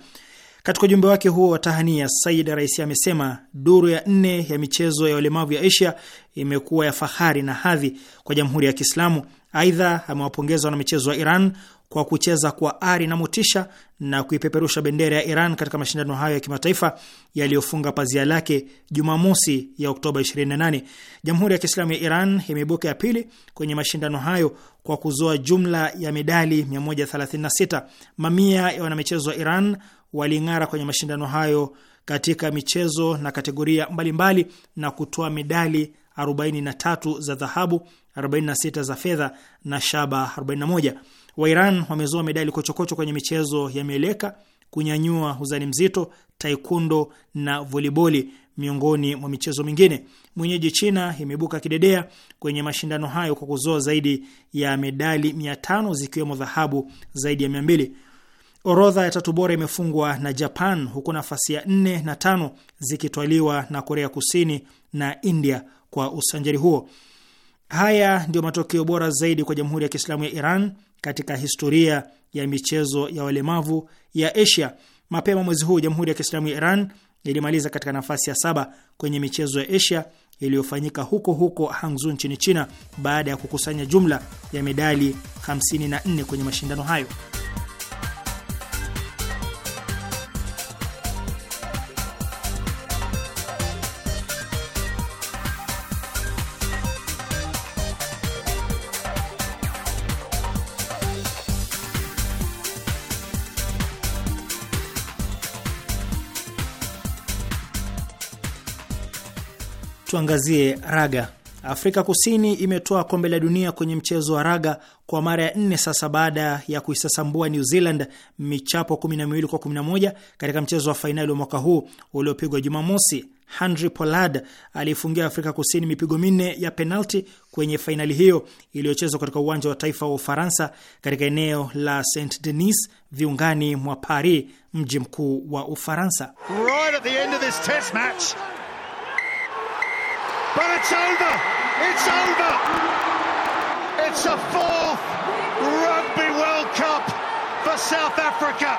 Katika ujumbe wake huo wa tahania, Said Raisi amesema duru ya nne ya michezo ya ulemavu ya Asia imekuwa ya fahari na hadhi kwa Jamhuri ya Kiislamu. Aidha, amewapongeza wanamichezo wa Iran kwa kucheza kwa ari na motisha na kuipeperusha bendera ya Iran katika mashindano hayo ya kimataifa yaliyofunga pazia lake Jumamosi ya Oktoba 28. Jamhuri ya Kiislamu ya Iran imeibuka ya pili kwenye mashindano hayo kwa kuzoa jumla ya medali 136. Mamia ya wanamichezo wa Iran waling'ara kwenye mashindano hayo katika michezo na kategoria mbalimbali mbali, na kutoa medali 43 za dhahabu, 46 za fedha na shaba 41. Wairan wamezoa medali kochokocho kwenye michezo ya mieleka, kunyanyua uzani mzito, taekwondo na voliboli miongoni mwa michezo mingine. Mwenyeji China imebuka kidedea kwenye mashindano hayo kwa kuzoa zaidi ya medali tano zikiwemo dhahabu zaidi ya mbili. Orodha ya tatu bora imefungwa na Japan huku nafasi ya nne na tano zikitwaliwa na Korea Kusini na India kwa usanjari huo. Haya ndio matokeo bora zaidi kwa Jamhuri ya Kiislamu ya Iran katika historia ya michezo ya walemavu ya Asia. Mapema mwezi huu Jamhuri ya Kiislamu ya Iran ilimaliza katika nafasi ya saba kwenye michezo ya Asia iliyofanyika huko huko Hangzhou nchini China baada ya kukusanya jumla ya medali 54 kwenye mashindano hayo. tuangazie raga. Afrika Kusini imetoa kombe la dunia kwenye mchezo wa raga kwa mara ya nne sasa baada ya kuisasambua New Zealand michapo 12 kwa 11 katika mchezo wa fainali wa mwaka huu uliopigwa Jumamosi. Henry Pollard aliifungia Afrika Kusini mipigo minne ya penalti kwenye fainali hiyo iliyochezwa katika uwanja wa taifa wa Ufaransa katika eneo la Saint Denis viungani mwa Paris, mji mkuu wa Ufaransa. Right But it's over. It's over. It's a fourth Rugby World Cup for South Africa.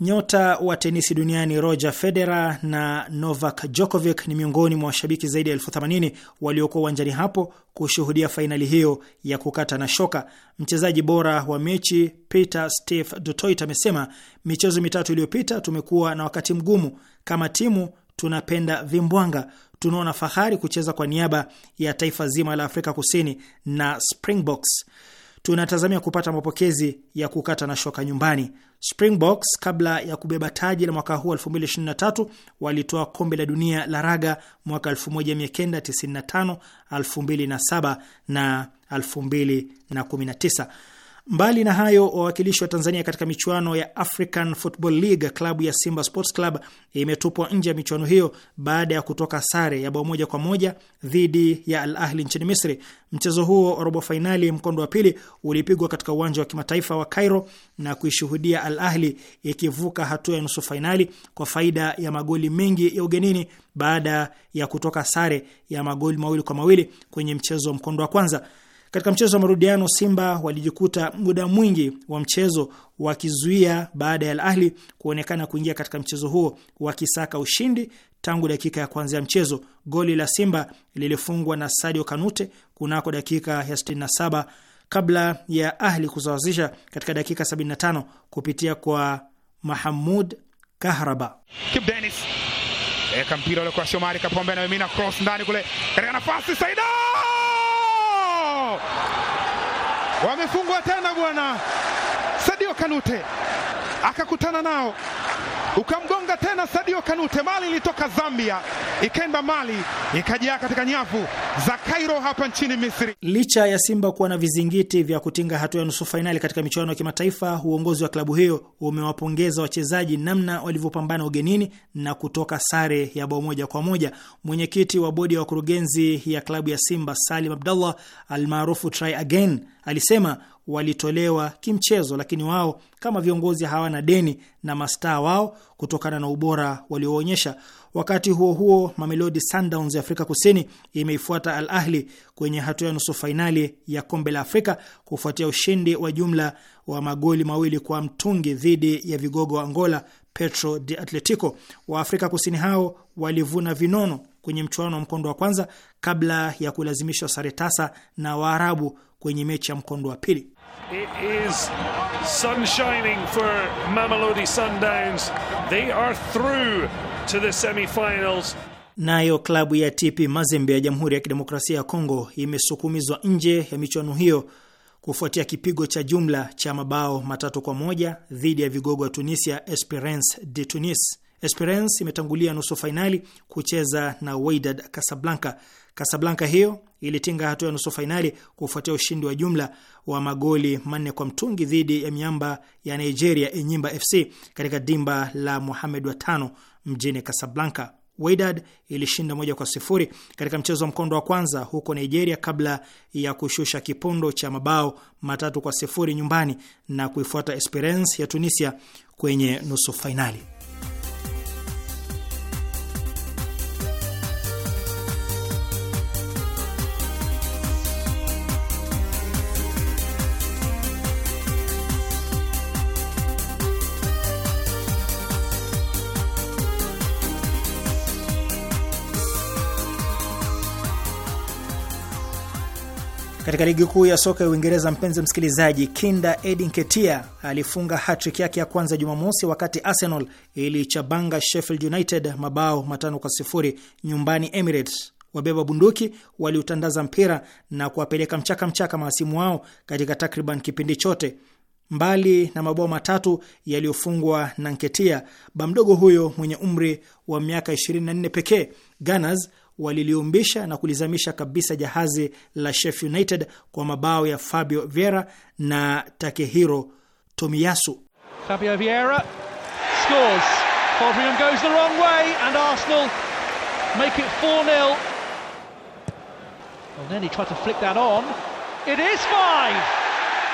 Nyota wa tenisi duniani Roger Federer na Novak Djokovic ni miongoni mwa washabiki zaidi ya elfu themanini waliokuwa uwanjani hapo kushuhudia fainali hiyo ya kukata na shoka. Mchezaji bora wa mechi Peter Steve du amesema, michezo mitatu iliyopita tumekuwa na wakati mgumu kama timu tunapenda vimbwanga tunaona fahari kucheza kwa niaba ya taifa zima la Afrika Kusini na Springboks tunatazamia kupata mapokezi ya kukata na shoka nyumbani. Springboks kabla ya kubeba taji la mwaka huu 2023 walitoa kombe la dunia la raga mwaka 1995, 2007 na 2019. Mbali na hayo, wawakilishi wa Tanzania katika michuano ya African Football League, klabu ya Simba Sports Club imetupwa nje ya michuano hiyo baada ya kutoka sare ya bao moja kwa moja dhidi ya Al Ahli nchini Misri. Mchezo huo wa robo fainali mkondo wa pili ulipigwa katika uwanja wa kimataifa wa Cairo na kuishuhudia Al Ahli ikivuka hatua ya nusu fainali kwa faida ya magoli mengi ya ugenini baada ya kutoka sare ya magoli mawili kwa mawili kwenye mchezo wa mkondo wa kwanza. Katika mchezo wa marudiano, Simba walijikuta muda mwingi wa mchezo wakizuia baada ya Al Ahli kuonekana kuingia katika mchezo huo wakisaka ushindi tangu dakika ya kwanza ya mchezo. Goli la Simba lilifungwa na Sadio Kanute kunako dakika ya 67 kabla ya Ahli kusawazisha katika dakika 75 kupitia kwa Mahamud Kahraba. Mpira ule kwa Shomari Kapombe mimina cross ndani kule katika nafasi Saida wao, wamefungwa tena bwana. Sadio Kanute akakutana nao ukamgonga tena Sadio Kanute. Mali ilitoka Zambia ikaenda Mali ikajaa katika nyavu za Kairo hapa nchini Misri. Licha ya Simba kuwa na vizingiti vya kutinga hatua ya nusu fainali katika michuano ya kimataifa, uongozi wa klabu hiyo umewapongeza wachezaji namna walivyopambana ugenini na kutoka sare ya bao moja kwa moja. Mwenyekiti wa bodi ya wakurugenzi ya klabu ya Simba Salim Abdallah almaarufu Try Again alisema walitolewa kimchezo, lakini wao kama viongozi hawana deni na mastaa wao kutokana na ubora walioonyesha. Wakati huo huo, Mamelodi Sundowns ya Afrika Kusini imeifuata Al Ahli kwenye hatua ya nusu fainali ya Kombe la Afrika kufuatia ushindi wa jumla wa magoli mawili kwa mtungi dhidi ya vigogo wa Angola Petro de Atletico. Wa Afrika Kusini hao walivuna vinono kwenye mchuano wa mkondo wa kwanza kabla ya kulazimishwa sare tasa na Waarabu kwenye mechi ya mkondo wa pili. It is sun shining for Mamelodi Sundowns. They are through to the semi-finals. Nayo klabu ya TP Mazembe ya Jamhuri ya Kidemokrasia ya Kongo imesukumizwa nje ya michuano hiyo kufuatia kipigo cha jumla cha mabao matatu kwa moja dhidi ya vigogo wa Tunisia Esperance de Tunis. Esperance imetangulia nusu fainali kucheza na Wydad Casablanca Kasablanka hiyo ilitinga hatua ya nusu fainali kufuatia ushindi wa jumla wa magoli manne kwa mtungi dhidi ya miamba ya Nigeria, Enyimba FC katika dimba la Muhamed wa tano mjini Kasablanka. Wydad ilishinda moja kwa sifuri katika mchezo wa mkondo wa kwanza huko Nigeria kabla ya kushusha kipundo cha mabao matatu kwa sifuri nyumbani na kuifuata Esperance ya Tunisia kwenye nusu fainali. Katika ligi kuu ya soka ya Uingereza, mpenzi msikilizaji, kinda Edin Ketia alifunga hatrik yake ya kwanza Jumamosi wakati Arsenal ilichabanga Sheffield United mabao matano kwa sifuri nyumbani Emirates. Wabeba bunduki waliutandaza mpira na kuwapeleka mchaka mchaka mahasimu wao katika takriban kipindi chote. Mbali na mabao matatu yaliyofungwa na Nketia, ba mdogo huyo mwenye umri wa miaka 24 pekee, Gunners waliliumbisha na kulizamisha kabisa jahazi la Sheffield United kwa mabao ya Fabio Vieira na Takehiro Tomiyasu. Fabio Vieira scores. goes the wrong way and Arsenal make it 4-0. Well, then he tried to flick that on. It is five.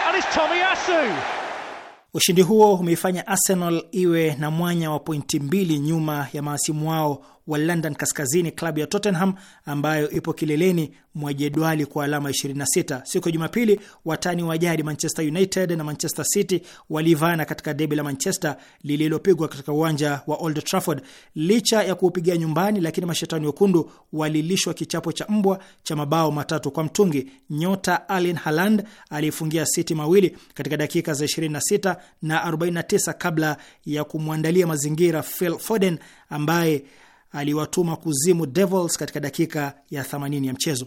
And it's Tomiyasu. Ushindi huo umeifanya Arsenal iwe na mwanya wa pointi mbili nyuma ya maasimu wao wa London Kaskazini, klabu ya Tottenham ambayo ipo kileleni mwa jedwali kwa alama 26. Siku ya Jumapili, watani wa jadi Manchester United na Manchester City walivana katika debi la Manchester lililopigwa katika uwanja wa Old Trafford. Licha ya kuupigia nyumbani, lakini mashetani wekundu walilishwa kichapo cha mbwa cha mabao matatu kwa mtungi. Nyota Erling Haaland aliifungia City mawili katika dakika za 26 na 49 kabla ya kumwandalia mazingira Phil Foden ambaye aliwatuma kuzimu Devils katika dakika ya 80 ya mchezo.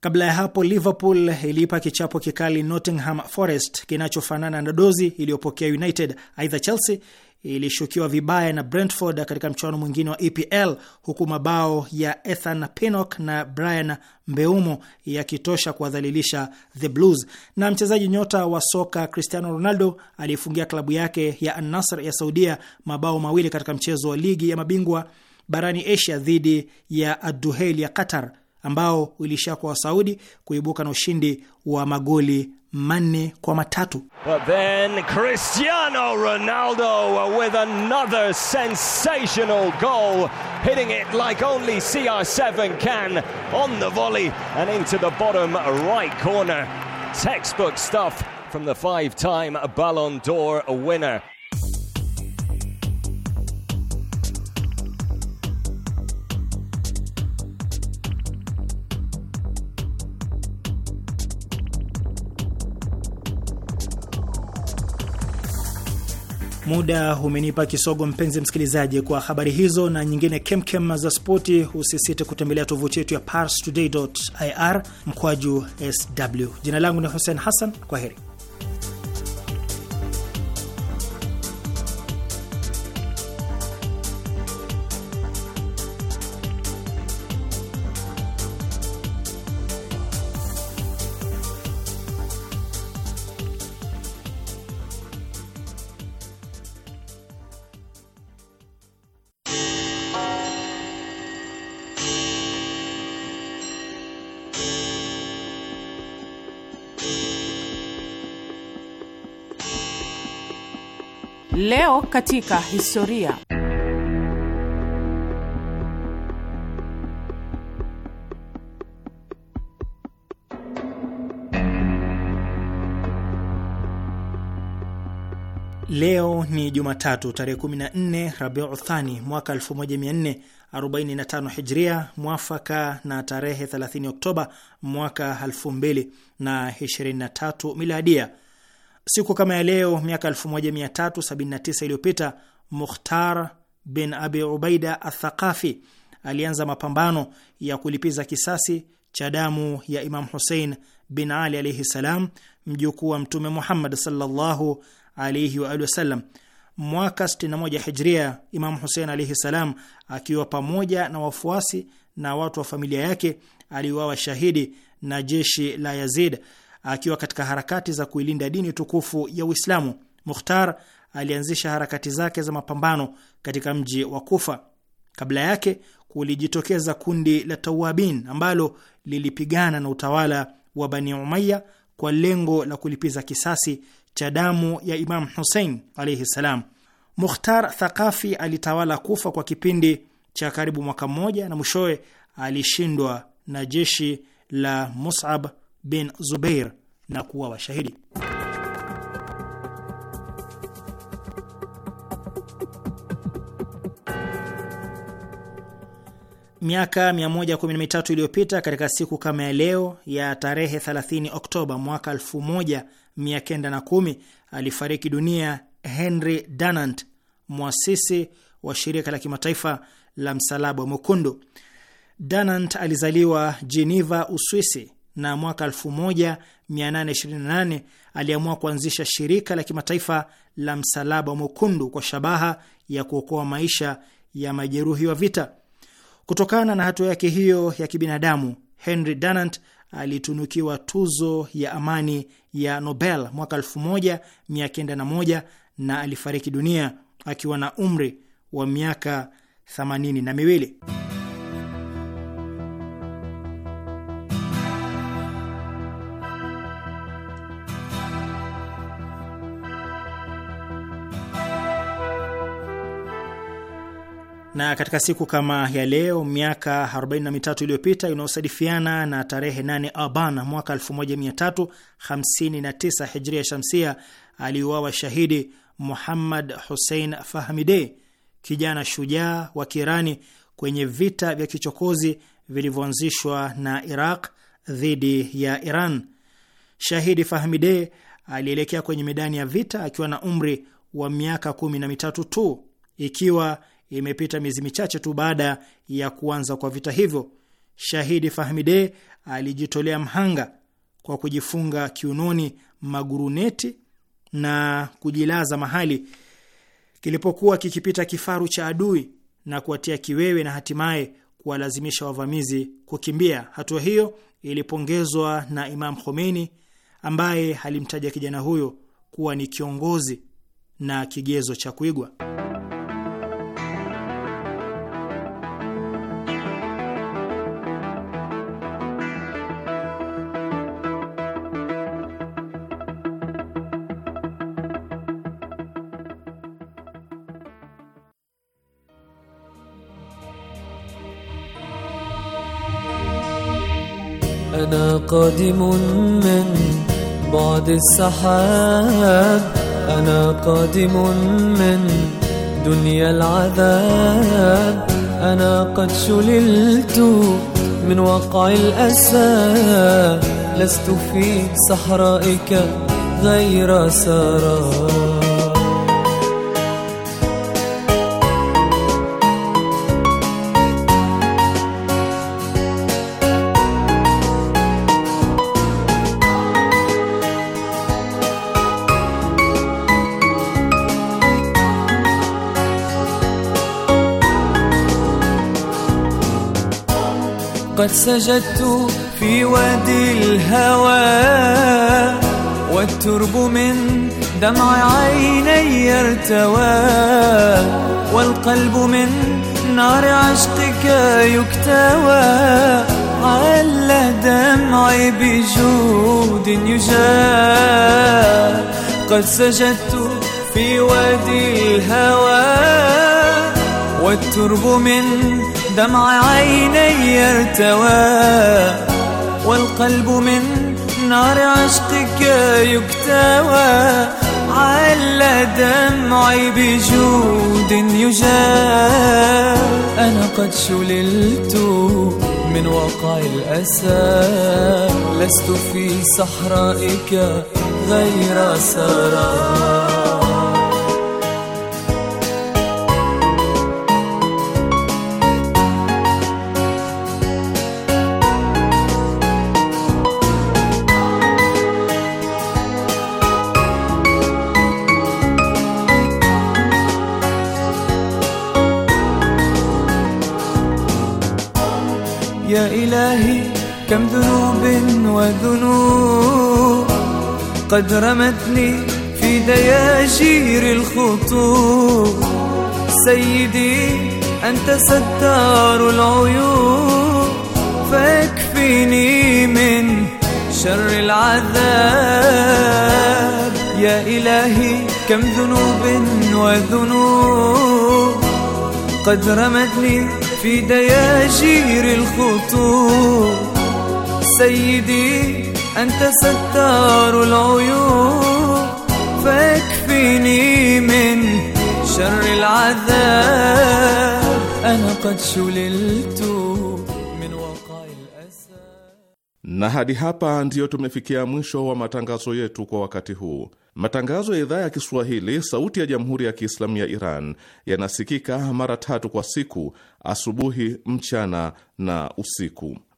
Kabla ya hapo Liverpool iliipa kichapo kikali Nottingham Forest kinachofanana na dozi iliyopokea United. Aidha, Chelsea ilishukiwa vibaya na Brentford katika mchuano mwingine wa EPL huku mabao ya Ethan Pinnock na Brian Mbeumo yakitosha kuwadhalilisha the Blues. Na mchezaji nyota wa soka Cristiano Ronaldo aliifungia klabu yake ya anasar ya Saudia mabao mawili katika mchezo wa ligi ya mabingwa barani Asia dhidi ya aduhel ya Qatar ambao uilishakwa wa Saudi kuibuka na ushindi wa magoli manne kwa matatu. But then Cristiano Ronaldo uh, with another sensational goal hitting it like only CR7 can on the volley and into the bottom right corner. Textbook stuff from the five-time Ballon d'Or winner. Muda umenipa kisogo, mpenzi msikilizaji. Kwa habari hizo na nyingine kemkem za spoti, usisite kutembelea tovuti yetu ya parstoday.ir mkwaju sw. Jina langu ni Hussein Hassan, kwa heri. katika historia. Leo ni Jumatatu tarehe 14 Rabiu Thani mwaka 1445 Hijria, mwafaka na tarehe 30 Oktoba mwaka 2023 Miladia. Siku kama ya leo miaka 1379 iliyopita Mukhtar bin Abi Ubaida Athaqafi alianza mapambano ya kulipiza kisasi cha damu ya Imam Husein bin Ali alaihi salam, mjukuu wa Mtume Muhammad sallallahu alaihi wa alihi wasallam. Mwaka 61 Hijria, Imam Husein alaihi salam akiwa pamoja na wafuasi na watu wa familia yake aliuawa shahidi na jeshi la Yazid akiwa katika harakati za kuilinda dini tukufu ya Uislamu. Mukhtar alianzisha harakati zake za mapambano katika mji wa Kufa. Kabla yake kulijitokeza kundi la Tawabin ambalo lilipigana na utawala wa Bani umaya kwa lengo la kulipiza kisasi cha damu ya Imam Husein alaihi ssalam. Mukhtar Thaqafi alitawala Kufa kwa kipindi cha karibu mwaka mmoja na mwishowe alishindwa na jeshi la Mus'ab bin Zubair na kuwa washahidi. Miaka 113 iliyopita katika siku kama ya leo ya tarehe 30 Oktoba mwaka 1910 alifariki dunia Henry Dunant, mwasisi wa shirika la kimataifa la msalaba mwekundu. Dunant alizaliwa Geneva, Uswisi na mwaka 1828 aliamua kuanzisha shirika la kimataifa la Msalaba Mwekundu kwa shabaha ya kuokoa maisha ya majeruhi wa vita. Kutokana na hatua yake hiyo ya kibinadamu, Henry Dunant alitunukiwa tuzo ya amani ya Nobel mwaka 1901 na alifariki dunia akiwa na umri wa miaka themanini na miwili. na katika siku kama ya leo miaka 43 iliyopita inayosadifiana na tarehe 8 Aban mwaka 1359 hijria shamsia, aliuawa shahidi Muhammad Hussein Fahmide, kijana shujaa wa Kiirani kwenye vita vya kichokozi vilivyoanzishwa na Iraq dhidi ya Iran. Shahidi Fahmide alielekea kwenye medani ya vita akiwa na umri wa miaka kumi na mitatu tu ikiwa imepita miezi michache tu baada ya kuanza kwa vita hivyo. Shahidi Fahmide alijitolea mhanga kwa kujifunga kiunoni maguruneti na kujilaza mahali kilipokuwa kikipita kifaru cha adui na kuwatia kiwewe na hatimaye kuwalazimisha wavamizi kukimbia. Hatua hiyo ilipongezwa na Imam Khomeini ambaye alimtaja kijana huyo kuwa ni kiongozi na kigezo cha kuigwa. قادم من بعد السحاب أنا قادم من دنيا العذاب أنا قد شللت من وقع الأسى لست في صحرائك غير سراب سجدت في وادي الهوى والترب من دمع عيني ارتوى والقلب من نار عشقك يكتوى على دمعي بجود يجاه قد سجدت في وادي الهوى والترب من دمع عيني ارتوى والقلب من نار عشقك يكتوى على دمعي بجود يجاه أنا قد شللت من وقع الأسى لست في صحرائك غير سراب كم ذنوب وذنوب قد رمتني في دياجير الخطوب سيدي أنت ستار العيوب فاكفيني من شر العذاب يا إلهي كم ذنوب وذنوب قد رمتني في دياجير الخطوب سيدي أنت ستار العيوب فاكفني من شر العذاب أنا قد شللت من na hadi hapa ndiyo tumefikia mwisho wa matangazo yetu kwa wakati huu. Matangazo ya idhaa ya Kiswahili sauti ya jamhuri ya Kiislamu ya Iran yanasikika mara tatu kwa siku: asubuhi, mchana na usiku.